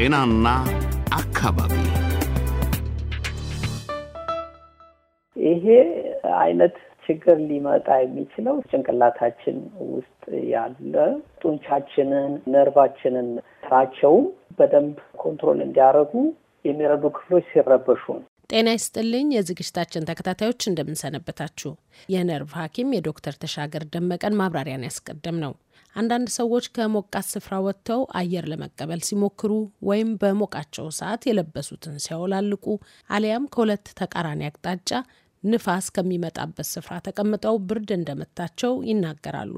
ጤናና አካባቢ ይሄ አይነት ችግር ሊመጣ የሚችለው ጭንቅላታችን ውስጥ ያለ ጡንቻችንን፣ ነርቫችንን ስራቸውም በደንብ ኮንትሮል እንዲያደርጉ የሚረዱ ክፍሎች ሲረበሹ ነው። ጤና ይስጥልኝ የዝግጅታችን ተከታታዮች እንደምንሰነበታችሁ። የነርቭ ሀኪም የዶክተር ተሻገር ደመቀን ማብራሪያን ያስቀደም ነው። አንዳንድ ሰዎች ከሞቃት ስፍራ ወጥተው አየር ለመቀበል ሲሞክሩ ወይም በሞቃቸው ሰዓት የለበሱትን ሲያወላልቁ አሊያም ከሁለት ተቃራኒ አቅጣጫ ንፋስ ከሚመጣበት ስፍራ ተቀምጠው ብርድ እንደመታቸው ይናገራሉ።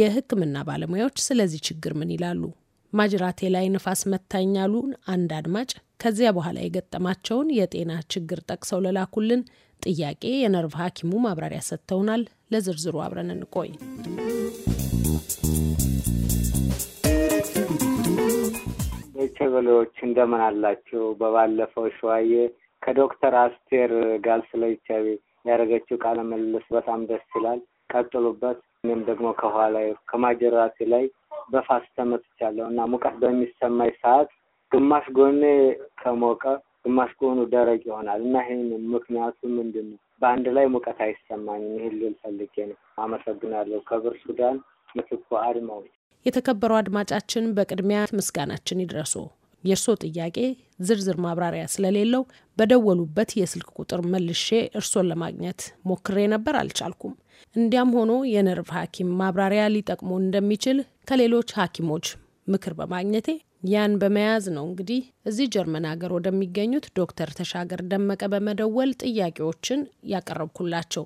የህክምና ባለሙያዎች ስለዚህ ችግር ምን ይላሉ? ማጅራቴ ላይ ንፋስ መታኛሉን አንድ አድማጭ ከዚያ በኋላ የገጠማቸውን የጤና ችግር ጠቅሰው ለላኩልን ጥያቄ የነርቭ ሐኪሙ ማብራሪያ ሰጥተውናል። ለዝርዝሩ አብረን እንቆይ። ዶቸበሌዎች እንደምን አላችሁ? በባለፈው ሸዋዬ ከዶክተር አስቴር ጋር ስለ ኤች አይ ቪ ያደረገችው ቃለ ምልልስ በጣም ደስ ይላል። ቀጥሉበት። እኔም ደግሞ ከኋላ ከማጀራቴ ላይ በፋስ ተመትቻለሁ እና ሙቀት በሚሰማኝ ሰዓት ግማሽ ጎኔ ከሞቀ ግማሽ ጎኑ ደረቅ ይሆናል እና ይህን ምክንያቱ ምንድን ነው? በአንድ ላይ ሙቀት አይሰማኝም። ይህን ልል ፈልጌ ነው። አመሰግናለሁ። ከብር ሱዳን ምትኩ አድማው። የተከበሩ አድማጫችን በቅድሚያ ምስጋናችን ይድረሱ። የእርስዎ ጥያቄ ዝርዝር ማብራሪያ ስለሌለው በደወሉበት የስልክ ቁጥር መልሼ እርሶን ለማግኘት ሞክሬ ነበር፣ አልቻልኩም። እንዲያም ሆኖ የነርቭ ሐኪም ማብራሪያ ሊጠቅሙ እንደሚችል ከሌሎች ሐኪሞች ምክር በማግኘቴ ያን በመያዝ ነው እንግዲህ እዚህ ጀርመን ሀገር ወደሚገኙት ዶክተር ተሻገር ደመቀ በመደወል ጥያቄዎችን ያቀረብኩላቸው።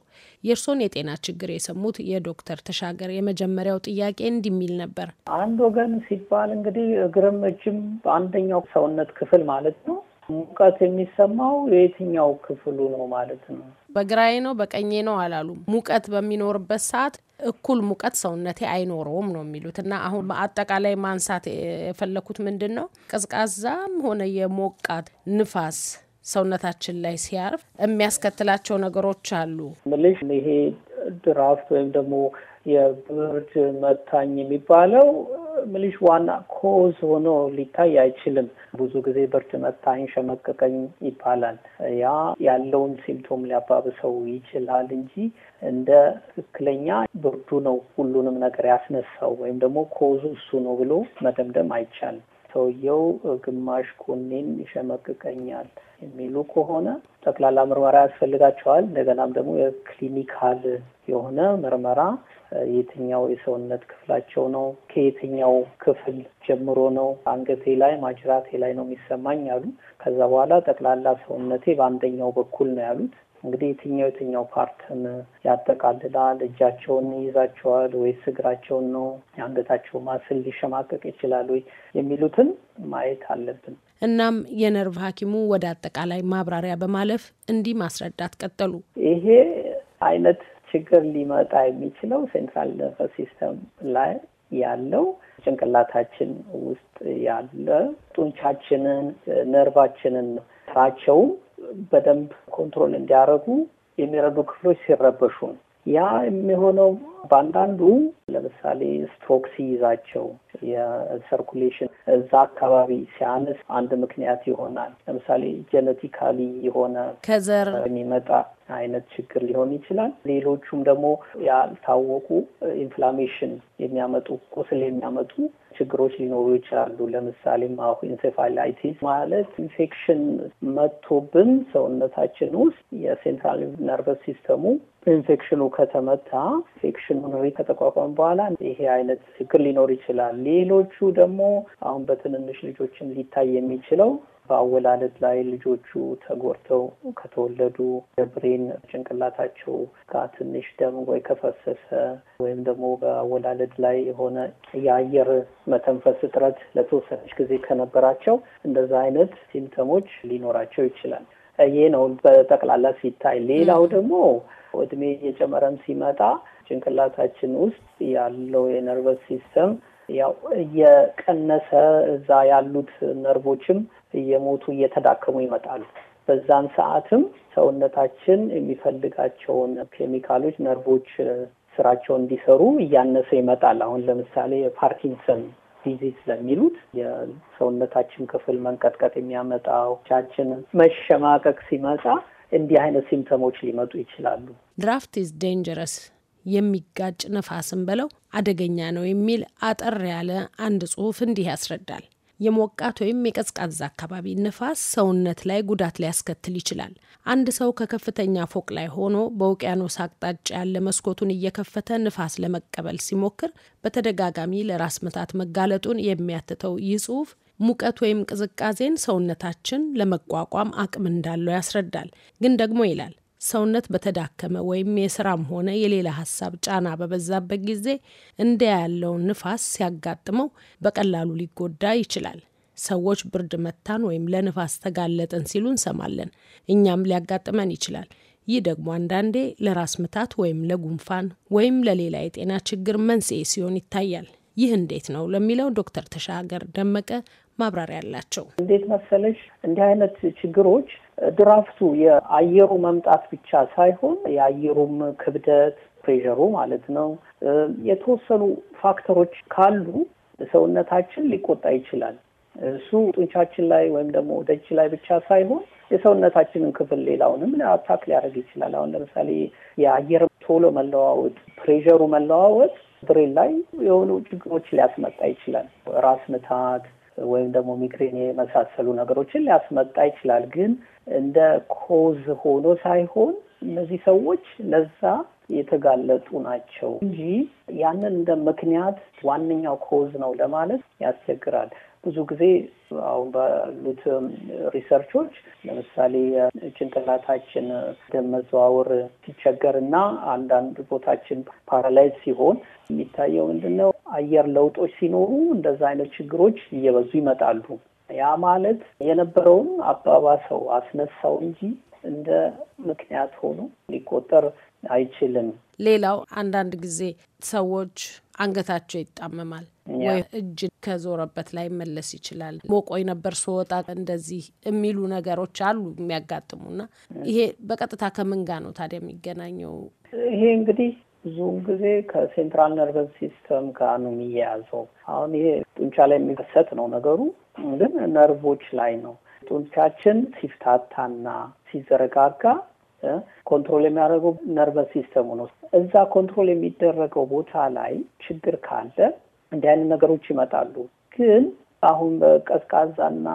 የእርሶን የጤና ችግር የሰሙት የዶክተር ተሻገር የመጀመሪያው ጥያቄ እንዲህ የሚል ነበር። አንድ ወገን ሲባል እንግዲህ እግርም እጅም በአንደኛው ሰውነት ክፍል ማለት ነው። ሙቀት የሚሰማው የየትኛው ክፍሉ ነው ማለት ነው? በግራዬ ነው በቀኜ ነው አላሉም። ሙቀት በሚኖርበት ሰዓት እኩል ሙቀት ሰውነቴ አይኖረውም ነው የሚሉት እና አሁን አጠቃላይ ማንሳት የፈለኩት ምንድን ነው ቀዝቃዛም ሆነ የሞቃት ንፋስ ሰውነታችን ላይ ሲያርፍ የሚያስከትላቸው ነገሮች አሉ። ምልሽ ይሄ ድራፍት ወይም ደግሞ የብርድ መታኝ የሚባለው ምልሽ ዋና ኮዝ ሆኖ ሊታይ አይችልም። ብዙ ጊዜ ብርድ መታኝ፣ ሸመቀቀኝ ይባላል። ያ ያለውን ሲምፕቶም ሊያባብሰው ይችላል እንጂ እንደ ትክክለኛ ብርዱ ነው ሁሉንም ነገር ያስነሳው ወይም ደግሞ ኮዙ እሱ ነው ብሎ መደምደም አይቻልም። ሰውየው ግማሽ ጎኔን ይሸመቅቀኛል የሚሉ ከሆነ ጠቅላላ ምርመራ ያስፈልጋቸዋል። እንደገናም ደግሞ የክሊኒካል የሆነ ምርመራ የትኛው የሰውነት ክፍላቸው ነው? ከየትኛው ክፍል ጀምሮ ነው? አንገቴ ላይ፣ ማጅራቴ ላይ ነው የሚሰማኝ አሉ። ከዛ በኋላ ጠቅላላ ሰውነቴ በአንደኛው በኩል ነው ያሉት። እንግዲህ የትኛው የትኛው ፓርትን ያጠቃልላል? እጃቸውን ይይዛቸዋል ወይስ እግራቸውን ነው? የአንገታቸው ማስል ሊሸማቀቅ ይችላል ወይ የሚሉትን ማየት አለብን። እናም የነርቭ ሐኪሙ ወደ አጠቃላይ ማብራሪያ በማለፍ እንዲህ ማስረዳት ቀጠሉ። ይሄ አይነት ችግር ሊመጣ የሚችለው ሴንትራል ነርቭ ሲስተም ላይ ያለው ጭንቅላታችን ውስጥ ያለ ጡንቻችንን ነርቫችንን ስራቸውም በደንብ ኮንትሮል እንዲያደርጉ የሚረዱ ክፍሎች ሲረበሹ ነው። ያ የሚሆነው በአንዳንዱ ለምሳሌ ስትሮክ ሲይዛቸው የሰርኩሌሽን እዛ አካባቢ ሲያንስ አንድ ምክንያት ይሆናል። ለምሳሌ ጀነቲካሊ የሆነ ከዘር የሚመጣ አይነት ችግር ሊሆን ይችላል። ሌሎቹም ደግሞ ያልታወቁ ኢንፍላሜሽን የሚያመጡ ቁስል የሚያመጡ ችግሮች ሊኖሩ ይችላሉ። ለምሳሌም አሁን ኢንሴፋላይቲስ ማለት ኢንፌክሽን መጥቶብን ሰውነታችን ውስጥ የሴንትራል ነርቨስ ሲስተሙ ኢንፌክሽኑ ከተመታ ኢንፌክሽኑን ከተቋቋመ በኋላ ይሄ አይነት ችግር ሊኖር ይችላል። ሌሎቹ ደግሞ አሁን በትንንሽ ልጆችም ሊታይ የሚችለው በአወላለድ ላይ ልጆቹ ተጎድተው ከተወለዱ ብሬን ጭንቅላታቸው ጋር ትንሽ ደም ወይ ከፈሰሰ ወይም ደግሞ በአወላለድ ላይ የሆነ የአየር መተንፈስ እጥረት ለተወሰነች ጊዜ ከነበራቸው እንደዛ አይነት ሲምተሞች ሊኖራቸው ይችላል። ይሄ ነው በጠቅላላ ሲታይ። ሌላው ደግሞ እድሜ እየጨመረም ሲመጣ ጭንቅላታችን ውስጥ ያለው የነርቨስ ሲስተም ያው እየቀነሰ እዛ ያሉት ነርቮችም እየሞቱ እየተዳከሙ ይመጣሉ። በዛን ሰዓትም ሰውነታችን የሚፈልጋቸውን ኬሚካሎች ነርቮች ስራቸውን እንዲሰሩ እያነሰ ይመጣል። አሁን ለምሳሌ የፓርኪንሰን ዲዚዝ ለሚሉት የሰውነታችን ክፍል መንቀጥቀጥ የሚያመጣው ቻችን መሸማቀቅ ሲመጣ እንዲህ አይነት ሲምተሞች ሊመጡ ይችላሉ። ድራፍት ኢዝ ዴንጀረስ የሚጋጭ ነፋስን በለው አደገኛ ነው የሚል አጠር ያለ አንድ ጽሑፍ እንዲህ ያስረዳል። የሞቃት ወይም የቀዝቃዛ አካባቢ ንፋስ ሰውነት ላይ ጉዳት ሊያስከትል ይችላል። አንድ ሰው ከከፍተኛ ፎቅ ላይ ሆኖ በውቅያኖስ አቅጣጫ ያለ መስኮቱን እየከፈተ ንፋስ ለመቀበል ሲሞክር በተደጋጋሚ ለራስ ምታት መጋለጡን የሚያትተው ይህ ጽሑፍ ሙቀት ወይም ቅዝቃዜን ሰውነታችን ለመቋቋም አቅም እንዳለው ያስረዳል። ግን ደግሞ ይላል ሰውነት በተዳከመ ወይም የስራም ሆነ የሌላ ሀሳብ ጫና በበዛበት ጊዜ እንደ ያለውን ንፋስ ሲያጋጥመው በቀላሉ ሊጎዳ ይችላል። ሰዎች ብርድ መታን ወይም ለንፋስ ተጋለጠን ሲሉ እንሰማለን። እኛም ሊያጋጥመን ይችላል። ይህ ደግሞ አንዳንዴ ለራስ ምታት ወይም ለጉንፋን ወይም ለሌላ የጤና ችግር መንስኤ ሲሆን ይታያል። ይህ እንዴት ነው ለሚለው ዶክተር ተሻገር ደመቀ ማብራሪያ አላቸው። እንዴት መሰለሽ እንዲህ አይነት ችግሮች ድራፍቱ የአየሩ መምጣት ብቻ ሳይሆን የአየሩም ክብደት ፕሬሩ ማለት ነው። የተወሰኑ ፋክተሮች ካሉ ሰውነታችን ሊቆጣ ይችላል። እሱ ጡንቻችን ላይ ወይም ደግሞ ደጅ ላይ ብቻ ሳይሆን የሰውነታችንን ክፍል ሌላውንም አታክ ሊያደርግ ይችላል። አሁን ለምሳሌ የአየር ቶሎ መለዋወጥ፣ ፕሬሩ መለዋወጥ ብሬን ላይ የሆኑ ችግሮች ሊያስመጣ ይችላል። ራስ ምታት ወይም ደግሞ ሚግሬን የመሳሰሉ ነገሮችን ሊያስመጣ ይችላል። ግን እንደ ኮዝ ሆኖ ሳይሆን እነዚህ ሰዎች ለዛ የተጋለጡ ናቸው እንጂ ያንን እንደ ምክንያት ዋነኛው ኮዝ ነው ለማለት ያስቸግራል። ብዙ ጊዜ አሁን ባሉት ሪሰርቾች ለምሳሌ ጭንቅላታችን ደም መዘዋወር ሲቸገር እና አንዳንድ ቦታችን ፓራላይዝ ሲሆን የሚታየው ምንድን ነው? አየር ለውጦች ሲኖሩ እንደዛ አይነት ችግሮች እየበዙ ይመጣሉ። ያ ማለት የነበረውን አባባሰው አስነሳው እንጂ እንደ ምክንያት ሆኖ ሊቆጠር አይችልም። ሌላው አንዳንድ ጊዜ ሰዎች አንገታቸው ይጣመማል ወይ እጅ ከዞረበት ላይ መለስ ይችላል። ሞቆይ ነበር ስወጣ እንደዚህ የሚሉ ነገሮች አሉ የሚያጋጥሙና፣ ይሄ በቀጥታ ከምን ጋር ነው ታዲያ የሚገናኘው? ይሄ እንግዲህ ብዙውን ጊዜ ከሴንትራል ነርቨስ ሲስተም ጋር ነው የሚያያዘው። አሁን ይሄ ጡንቻ ላይ የሚከሰት ነው ነገሩ፣ ግን ነርቮች ላይ ነው። ጡንቻችን ሲፍታታና ሲዘረጋጋ ኮንትሮል የሚያደርገው ነርቨስ ሲስተሙ ነው። እዛ ኮንትሮል የሚደረገው ቦታ ላይ ችግር ካለ እንዲህ አይነት ነገሮች ይመጣሉ። ግን አሁን በቀዝቃዛና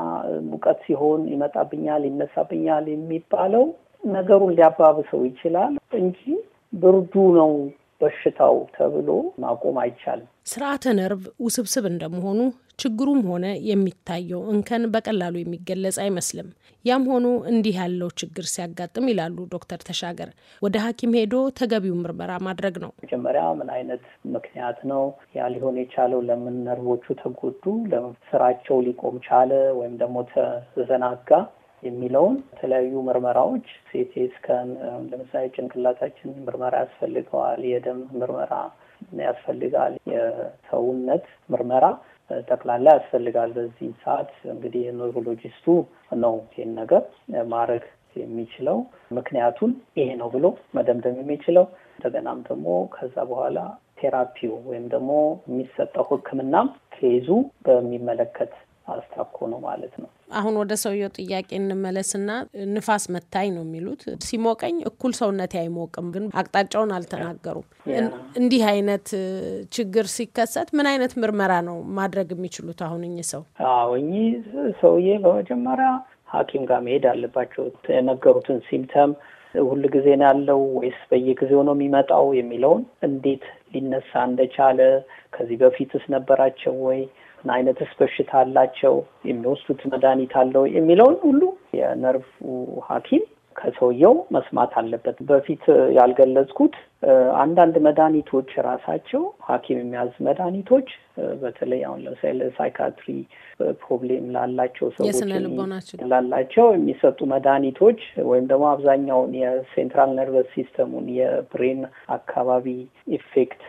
ሙቀት ሲሆን ይመጣብኛል፣ ይነሳብኛል የሚባለው ነገሩን ሊያባብሰው ይችላል እንጂ ብርዱ ነው በሽታው ተብሎ ማቆም አይቻልም። ስርዓተ ነርቭ ውስብስብ እንደመሆኑ ችግሩም ሆነ የሚታየው እንከን በቀላሉ የሚገለጽ አይመስልም። ያም ሆኖ እንዲህ ያለው ችግር ሲያጋጥም ይላሉ ዶክተር ተሻገር፣ ወደ ሐኪም ሄዶ ተገቢው ምርመራ ማድረግ ነው። መጀመሪያ ምን አይነት ምክንያት ነው ያ ሊሆን የቻለው? ለምን ነርቮቹ ተጎዱ? ለምን ስራቸው ሊቆም ቻለ? ወይም ደግሞ ተዘናጋ? የሚለውን የተለያዩ ምርመራዎች ሴቴ ስካን፣ ለምሳሌ ጭንቅላታችን ምርመራ ያስፈልገዋል፣ የደም ምርመራ ያስፈልጋል፣ የሰውነት ምርመራ ጠቅላላ ያስፈልጋል። በዚህ ሰዓት እንግዲህ የኒውሮሎጂስቱ ነው ይህን ነገር ማድረግ የሚችለው ምክንያቱን ይሄ ነው ብሎ መደምደም የሚችለው እንደገናም ደግሞ ከዛ በኋላ ቴራፒው ወይም ደግሞ የሚሰጠው ሕክምናም ከይዙ በሚመለከት አስታኮ ነው ማለት ነው። አሁን ወደ ሰውየው ጥያቄ እንመለስና ንፋስ መታኝ ነው የሚሉት። ሲሞቀኝ እኩል ሰውነቴ አይሞቅም፣ ግን አቅጣጫውን አልተናገሩም። እንዲህ አይነት ችግር ሲከሰት ምን አይነት ምርመራ ነው ማድረግ የሚችሉት? አሁን እኚህ ሰው አዎ እኚህ ሰውዬ በመጀመሪያ ሐኪም ጋር መሄድ አለባቸው። የነገሩትን ሲምተም ሁል ጊዜ ነው ያለው ወይስ በየጊዜው ነው የሚመጣው የሚለውን እንዴት ሊነሳ እንደቻለ ከዚህ በፊትስ ነበራቸው ወይ ምን አይነትስ በሽታ አላቸው፣ የሚወስዱት መድኃኒት አለው የሚለውን ሁሉ የነርቭ ሐኪም ከሰውየው መስማት አለበት። በፊት ያልገለጽኩት አንዳንድ መድኃኒቶች ራሳቸው ሐኪም የሚያዝ መድኃኒቶች በተለይ አሁን ለምሳሌ ሳይካትሪ ፕሮብሌም ላላቸው ሰዎች ላላቸው የሚሰጡ መድኃኒቶች ወይም ደግሞ አብዛኛውን የሴንትራል ነርቨስ ሲስተሙን የብሬን አካባቢ ኢፌክት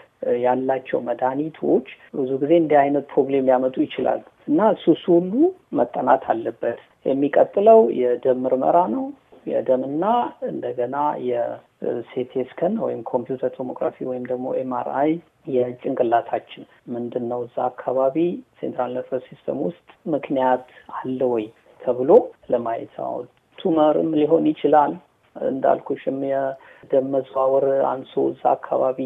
ያላቸው መድኃኒቶች ብዙ ጊዜ እንዲህ አይነት ፕሮብሌም ሊያመጡ ይችላሉ እና እሱ እሱ ሁሉ መጠናት አለበት። የሚቀጥለው የደም ምርመራ ነው። የደምና እንደገና የሴቴስከን ወይም ኮምፒውተር ቶሞግራፊ ወይም ደግሞ ኤምአርአይ የጭንቅላታችን ምንድን ነው እዛ አካባቢ ሴንትራል ነርቨስ ሲስተም ውስጥ ምክንያት አለ ወይ ተብሎ ለማየት ቱመርም ሊሆን ይችላል እንዳልኩሽም የደም መዘዋወር አንሶ እዛ አካባቢ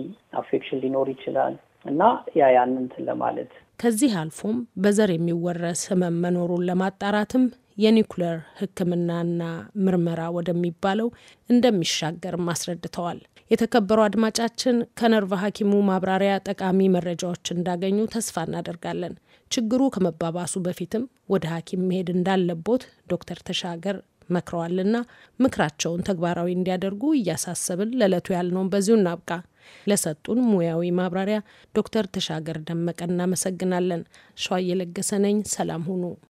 አፌክሽን ሊኖር ይችላል እና ያ ያን እንትን ለማለት ከዚህ አልፎም በዘር የሚወረስ ህመም መኖሩን ለማጣራትም የኒውክሌር ሕክምናና ምርመራ ወደሚባለው እንደሚሻገርም አስረድተዋል። የተከበሩ አድማጫችን ከነርቭ ሐኪሙ ማብራሪያ ጠቃሚ መረጃዎች እንዳገኙ ተስፋ እናደርጋለን። ችግሩ ከመባባሱ በፊትም ወደ ሐኪም መሄድ እንዳለቦት ዶክተር ተሻገር መክረዋልና ምክራቸውን ተግባራዊ እንዲያደርጉ እያሳሰብን ለዕለቱ ያልነውን በዚሁ እናብቃ። ለሰጡን ሙያዊ ማብራሪያ ዶክተር ተሻገር ደመቀ እናመሰግናለን። ሸዋ እየለገሰ ነኝ። ሰላም ሁኑ።